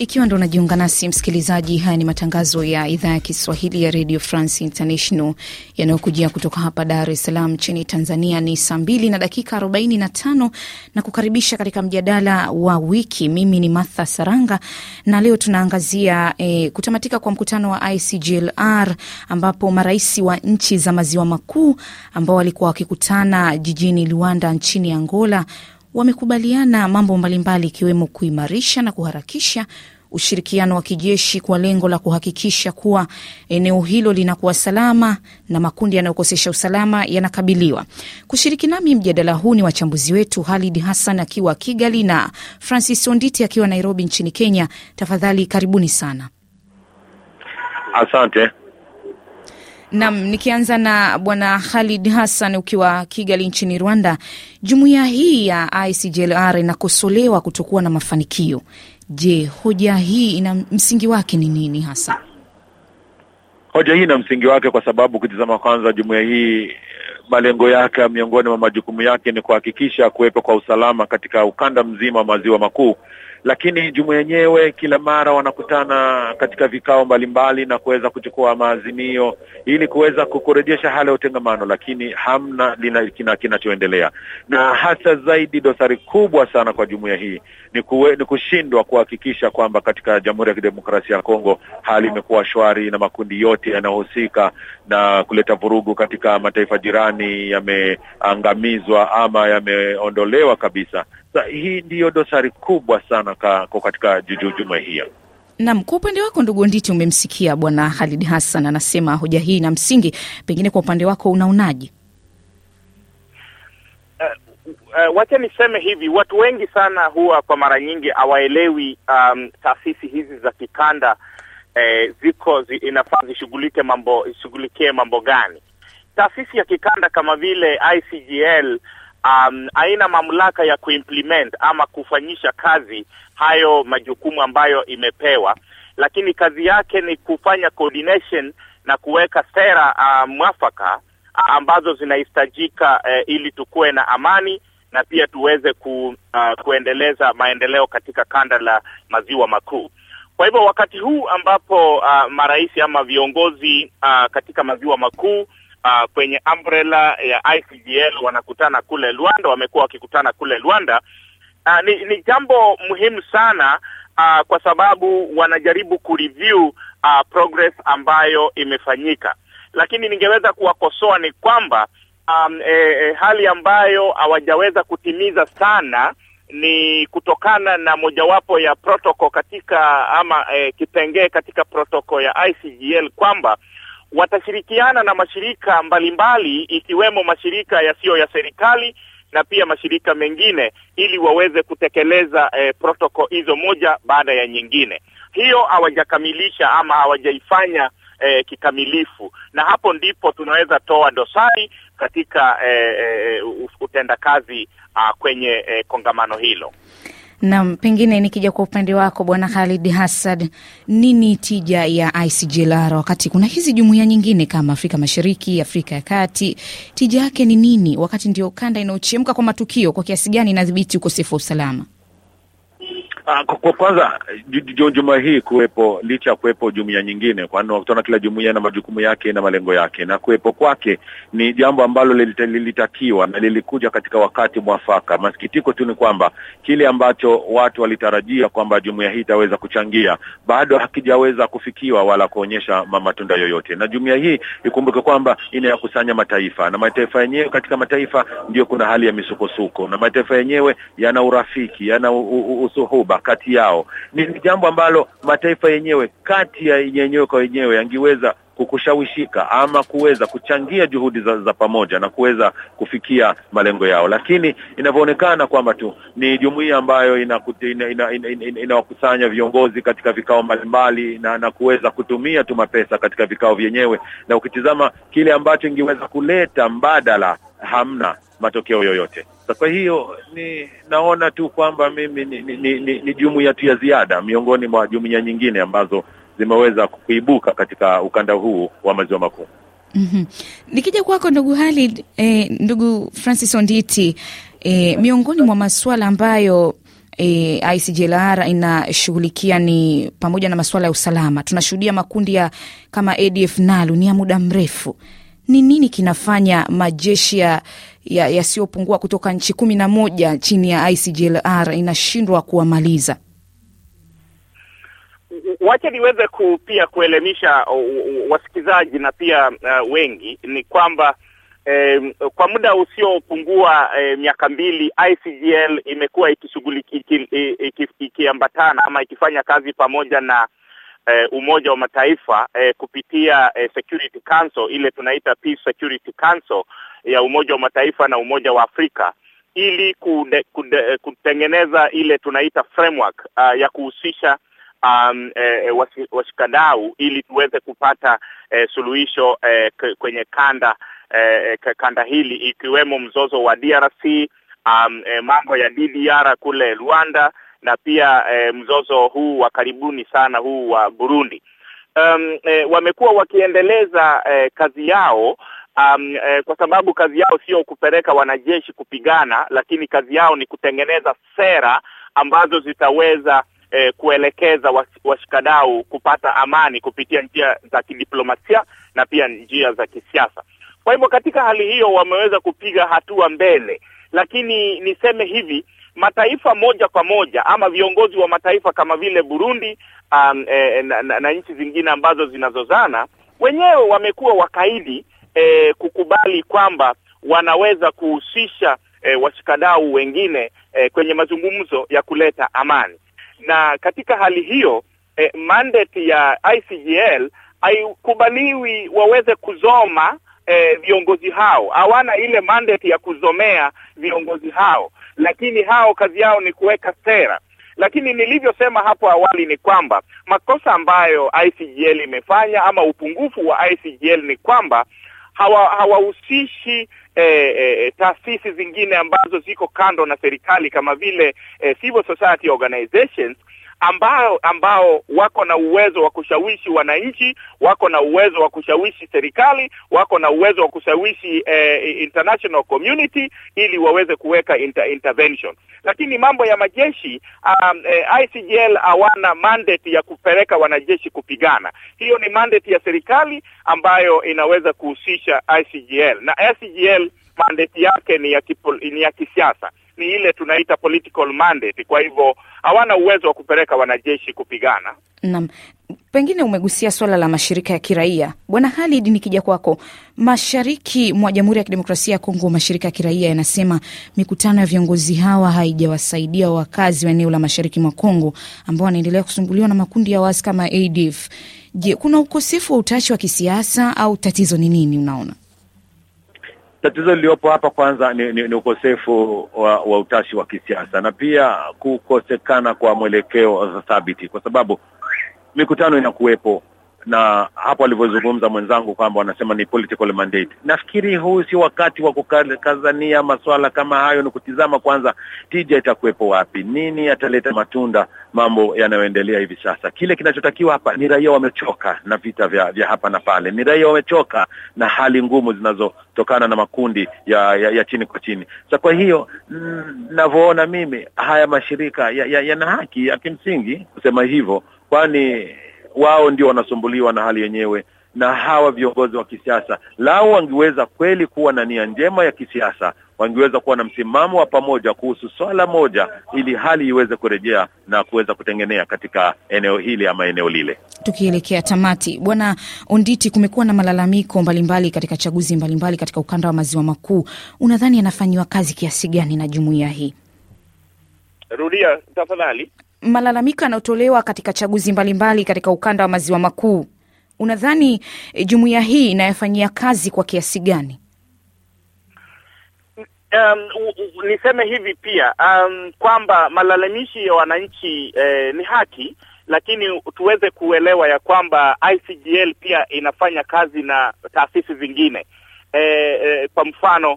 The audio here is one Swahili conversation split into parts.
Ikiwa ndo unajiunga nasi msikilizaji, haya ni matangazo ya idhaa ya Kiswahili ya Radio France International yanayokujia kutoka hapa Dar es Salaam nchini Tanzania. Ni saa mbili na dakika arobaini na tano na kukaribisha katika mjadala wa wiki. Mimi ni Martha Saranga na leo tunaangazia eh, kutamatika kwa mkutano wa ICGLR ambapo marais wa nchi za maziwa makuu ambao walikuwa wakikutana jijini Luanda nchini Angola wamekubaliana mambo mbalimbali ikiwemo kuimarisha na kuharakisha ushirikiano wa kijeshi kwa lengo la kuhakikisha kuwa eneo hilo linakuwa salama na makundi yanayokosesha usalama yanakabiliwa. Kushiriki nami mjadala huu ni wachambuzi wetu Halid Hassan akiwa Kigali na Francis Onditi akiwa Nairobi nchini Kenya. Tafadhali karibuni sana. Asante. Nam, nikianza na Bwana Khalid Hassan ukiwa Kigali nchini Rwanda, jumuiya hii ya ICJLR inakosolewa kutokuwa na mafanikio. Je, hoja hii ina msingi wake ni nini hasa? Hoja hii ina msingi wake kwa sababu ukitizama kwanza, jumuiya hii malengo yake miongoni mwa majukumu yake ni kuhakikisha kuwepo kwa usalama katika ukanda mzima wa maziwa makuu lakini jumuiya yenyewe kila mara wanakutana katika vikao mbalimbali na kuweza kuchukua maazimio ili kuweza kurejesha hali ya utengamano, lakini hamna kinachoendelea kina na hasa zaidi, dosari kubwa sana kwa jumuiya hii ni, kuwe, ni kushindwa kuhakikisha kwamba katika Jamhuri ya Kidemokrasia ya Kongo hali imekuwa shwari na makundi yote yanayohusika na kuleta vurugu katika mataifa jirani yameangamizwa ama yameondolewa kabisa. Sa, hii ndiyo dosari kubwa sana ka, katika juma hiyo. Naam, kwa upande wako ndugu Nditi, umemsikia bwana Halid Hassan anasema hoja hii na msingi, pengine kwa upande wako unaonaje? Uh, uh, wacha niseme hivi, watu wengi sana huwa kwa mara nyingi hawaelewi um, taasisi hizi za kikanda eh, ziko zi, inafaa zishughulike mambo, ishughulikie mambo gani? Taasisi ya kikanda kama vile ICGL um, haina mamlaka ya kuimplement ama kufanyisha kazi hayo majukumu ambayo imepewa, lakini kazi yake ni kufanya coordination na kuweka sera uh, mwafaka uh, ambazo zinahitajika uh, ili tukuwe na amani na pia tuweze ku, uh, kuendeleza maendeleo katika kanda la maziwa makuu. Kwa hivyo wakati huu ambapo uh, marais ama viongozi uh, katika maziwa makuu uh, kwenye umbrella ya ICGL wanakutana kule Luanda, wamekuwa wakikutana kule Luanda. Uh, ni, ni jambo muhimu sana uh, kwa sababu wanajaribu kureview uh, progress ambayo imefanyika, lakini ningeweza kuwakosoa ni kwamba um, e, e, hali ambayo hawajaweza kutimiza sana ni kutokana na mojawapo ya protoko katika ama e, kipengee katika protoko ya ICGL kwamba watashirikiana na mashirika mbalimbali ikiwemo mashirika yasiyo ya serikali na pia mashirika mengine ili waweze kutekeleza eh, protokol hizo moja baada ya nyingine. Hiyo hawajakamilisha ama hawajaifanya eh, kikamilifu, na hapo ndipo tunaweza toa dosari katika eh, eh utendakazi ah, kwenye eh, kongamano hilo. Nam, pengine nikija kwa upande wako Bwana Khalid Hassad, nini tija ya ICGLR wakati kuna hizi jumuiya nyingine kama Afrika Mashariki, Afrika ya Kati, tija yake ni nini wakati ndio kanda inayochemka kwa matukio? Kwa kiasi gani inadhibiti ukosefu wa usalama? Ah, kwa kwanza juma hii kuwepo licha ya kuwepo jumuiya nyingine, kwani utaona kila jumuiya na majukumu yake na malengo yake, na kuwepo kwake ni jambo ambalo lilitakiwa na lilikuja katika wakati mwafaka. Masikitiko tu ni kwamba kile ambacho watu walitarajia kwamba jumuiya hii itaweza kuchangia bado hakijaweza kufikiwa wala kuonyesha matunda yoyote. Na jumuiya hii ikumbuke kwamba inayakusanya mataifa, na mataifa yenyewe, katika mataifa ndio kuna hali ya misukosuko, na mataifa yenyewe yana urafiki, yana usuhuba kati yao. Ni jambo ambalo mataifa yenyewe kati ya yenyewe kwa yenyewe yangiweza kukushawishika ama kuweza kuchangia juhudi za, za pamoja na kuweza kufikia malengo yao, lakini inavyoonekana kwamba tu ni jumuiya ambayo inawakusanya ina, ina, ina, ina viongozi katika vikao mbalimbali na, na kuweza kutumia tu mapesa katika vikao vyenyewe, na ukitizama kile ambacho ingeweza kuleta mbadala hamna matokeo yoyote. Sa kwa hiyo ni naona tu kwamba mimi ni, ni, ni, ni, ni jumuiya tu ya ziada miongoni mwa jumuiya nyingine ambazo zimeweza kuibuka katika ukanda huu wa maziwa makuu. Mm-hmm. Nikija kwako ndugu hali eh, ndugu Francis Onditi, eh, miongoni mwa masuala ambayo e, eh, ICJLR inashughulikia ni pamoja na masuala ya usalama. Tunashuhudia makundi ya kama ADF NALU ni ya muda mrefu ni nini kinafanya majeshi ya yasiyopungua ya kutoka nchi kumi na moja chini ya ICGLR inashindwa kuwamaliza? Wacha niweze ku, pia kuelemisha uh, uh, uh, wasikilizaji na pia uh, wengi ni kwamba eh, kwa muda usiopungua eh, miaka mbili ICGL imekuwa ikishughulikia iki, iki, iki, ikiambatana ama ikifanya kazi pamoja na eh, Umoja wa Mataifa eh, kupitia eh, Security Council ile tunaita Peace Security Council ya Umoja wa Mataifa na Umoja wa Afrika ili kude, kude, eh, kutengeneza ile tunaita framework uh, ya kuhusisha um, eh, eh washikadau ili tuweze kupata eh, suluhisho eh, kwenye kanda eh, eh kanda hili ikiwemo mzozo wa DRC um, eh, mambo ya DDR kule Rwanda na pia e, mzozo huu wa karibuni sana huu wa Burundi. Um, e, wamekuwa wakiendeleza e, kazi yao um, e, kwa sababu kazi yao sio kupeleka wanajeshi kupigana, lakini kazi yao ni kutengeneza sera ambazo zitaweza E, kuelekeza washikadau kupata amani kupitia njia za kidiplomasia na pia njia za kisiasa. Kwa hivyo katika hali hiyo wameweza kupiga hatua mbele, lakini niseme hivi mataifa moja kwa moja ama viongozi wa mataifa kama vile Burundi um, e, na, na, na nchi zingine ambazo zinazozana wenyewe wamekuwa wakaidi e, kukubali kwamba wanaweza kuhusisha e, washikadau wengine e, kwenye mazungumzo ya kuleta amani, na katika hali hiyo e, mandate ya ICGL haikubaliwi waweze kuzoma e, viongozi hao. Hawana ile mandate ya kuzomea viongozi hao, lakini hao kazi yao ni kuweka sera. Lakini nilivyosema hapo awali ni kwamba makosa ambayo ICGL imefanya ama upungufu wa ICGL ni kwamba hawahusishi hawa eh, eh, eh, taasisi zingine ambazo ziko kando na serikali kama vile eh, civil society organizations ambao ambao wako na uwezo wa kushawishi wananchi, wako na uwezo wa kushawishi serikali, wako na uwezo wa kushawishi eh, international community ili waweze kuweka inter intervention. Lakini mambo ya majeshi um, eh, ICGL hawana mandate ya kupeleka wanajeshi kupigana. Hiyo ni mandate ya serikali ambayo inaweza kuhusisha ICGL na ICGL mandate yake ni ya, kipol, ni ya kisiasa ni ile tunaita political mandate, kwa hivyo hawana uwezo wa kupeleka wanajeshi kupigana. nam pengine umegusia swala la mashirika ya kiraia. Bwana Halid, nikija kwako, mashariki mwa Jamhuri ya Kidemokrasia ya Kongo, mashirika ya kiraia yanasema mikutano ya viongozi hawa haijawasaidia wakazi wa eneo la mashariki mwa Kongo ambao wanaendelea kusumbuliwa na makundi ya waasi kama ADF. Je, kuna ukosefu wa utashi wa kisiasa au tatizo ni nini unaona? Tatizo liliyopo hapa kwanza ni, ni, ni ukosefu wa, wa utashi wa kisiasa na pia kukosekana kwa mwelekeo thabiti, kwa sababu mikutano inakuwepo, na hapo alivyozungumza mwenzangu kwamba wanasema ni political mandate. Nafikiri huu si wakati wa kukazania masuala kama hayo, ni kutizama kwanza tija itakuwepo wapi, nini ataleta matunda mambo yanayoendelea hivi sasa. Kile kinachotakiwa hapa ni raia wamechoka na vita vya, vya hapa na pale, ni raia wamechoka na hali ngumu zinazotokana na makundi ya, ya, ya chini kwa chini. Sa kwa hiyo mm, navyoona mimi haya mashirika yana ya, ya haki ya kimsingi kusema hivyo kwani wao ndio wanasumbuliwa na hali yenyewe na hawa viongozi wa kisiasa lao wangeweza kweli kuwa na nia njema ya kisiasa, wangeweza kuwa na msimamo wa pamoja kuhusu swala moja, ili hali iweze kurejea na kuweza kutengenea katika eneo hili ama eneo lile. Tukielekea tamati, Bwana Onditi, kumekuwa na malalamiko mbalimbali mbali katika chaguzi mbalimbali mbali katika ukanda wa maziwa makuu. Unadhani yanafanyiwa kazi kiasi gani na jumuiya hii? Rudia tafadhali malalamiko yanayotolewa katika chaguzi mbalimbali katika ukanda wa maziwa makuu, unadhani e, jumuiya hii inayofanyia kazi kwa kiasi gani? Um, niseme hivi pia um, kwamba malalamishi ya wananchi eh, ni haki, lakini tuweze kuelewa ya kwamba ICGL pia inafanya kazi na taasisi zingine eh, eh, kwa mfano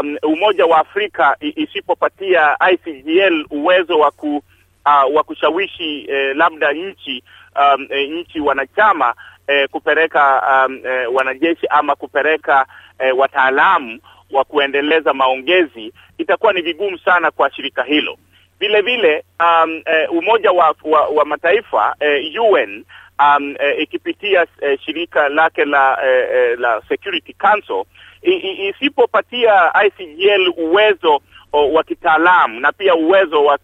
um, Umoja wa Afrika isipopatia ICGL uwezo wa ku uh, wa kushawishi eh, labda nchi um, eh, nchi wanachama eh, kupeleka um, eh, wanajeshi ama kupeleka eh, wataalamu wa kuendeleza maongezi, itakuwa ni vigumu sana kwa shirika hilo. Vile vile um, eh, Umoja wa, wa, wa Mataifa eh, UN um, eh, ikipitia eh, shirika lake la, eh, eh la Security Council isipopatia ICGL uwezo wa kitaalamu na pia uwezo wa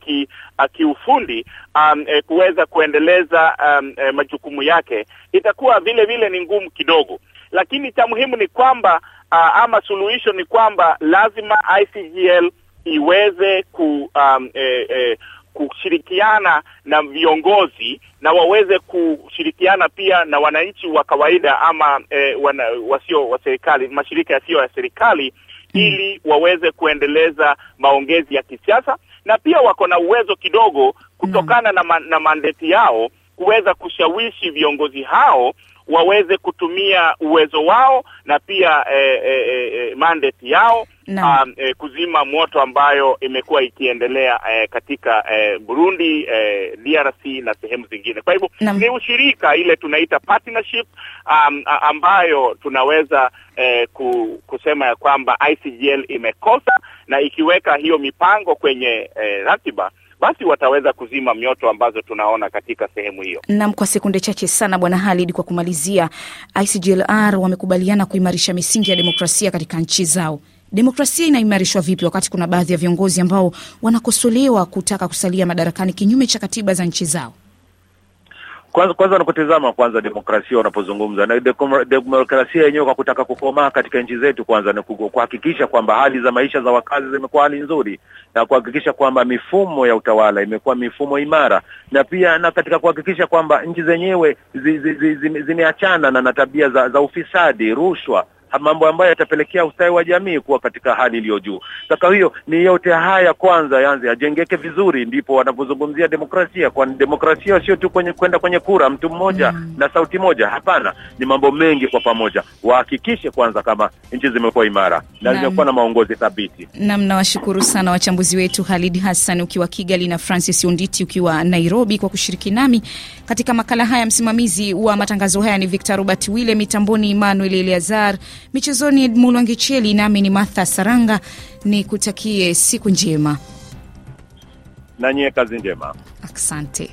kiufundi um, e, kuweza kuendeleza um, e, majukumu yake, itakuwa vile vile ni ngumu kidogo, lakini cha muhimu ni kwamba uh, ama suluhisho ni kwamba lazima ICGL iweze ku um, e, e, kushirikiana na viongozi na waweze kushirikiana pia na wananchi wa kawaida ama e, wana, wasio wa serikali, mashirika yasiyo ya serikali Hmm. ili waweze kuendeleza maongezi ya kisiasa na pia wako na uwezo kidogo kutokana mm. na, ma, na mandeti yao kuweza kushawishi viongozi hao waweze kutumia uwezo wao na pia eh, eh, eh, eh mandate yao no. um, eh, kuzima moto ambayo imekuwa ikiendelea eh, katika eh, Burundi eh, DRC na sehemu zingine. Kwa hivyo no. ni ushirika ile tunaita partnership um, ambayo tunaweza eh, kusema ya kwamba ICGL imekosa na ikiweka hiyo mipango kwenye eh, ratiba basi wataweza kuzima mioto ambazo tunaona katika sehemu hiyo. Naam, kwa sekunde chache sana, Bwana Halid, kwa kumalizia, ICGLR wamekubaliana kuimarisha misingi ya demokrasia katika nchi zao. Demokrasia inaimarishwa vipi wakati kuna baadhi ya viongozi ambao wanakosolewa kutaka kusalia madarakani kinyume cha katiba za nchi zao? kwanza kwanza wanakutizama kwanza demokrasia unapozungumza na demokrasia yenyewe kwa kutaka kukomaa katika nchi zetu kwanza ni kuhakikisha kwamba hali za maisha za wakazi zimekuwa hali nzuri na kuhakikisha kwamba mifumo ya utawala imekuwa mifumo imara na pia na katika kuhakikisha kwamba nchi zenyewe zimeachana zi, zi, zi, zi, zi, zi, zi, zi, na, na tabia za, za ufisadi rushwa mambo ambayo yatapelekea ustawi wa jamii kuwa katika hali iliyo juu. Sasa hiyo ni yote haya kwanza yanze yajengeke vizuri, ndipo wanapozungumzia demokrasia, kwani demokrasia sio tu kwenye kwenda kwenye kura mtu mmoja mm, na sauti moja. Hapana, ni mambo mengi kwa pamoja. Wahakikishe kwanza kama nchi zimekuwa imara na zimekuwa na maongozi thabiti. Nam, nawashukuru sana wachambuzi wetu Halid Hassan ukiwa Kigali na Francis Unditi ukiwa Nairobi kwa kushiriki nami katika makala haya. Msimamizi wa matangazo haya ni Victor Robert Wile, mitamboni Emmanuel Eleazar Michezoni Edmund Wangicheli, nami ni Martha Saranga, ni kutakie siku njema na nyie kazi njema, asante.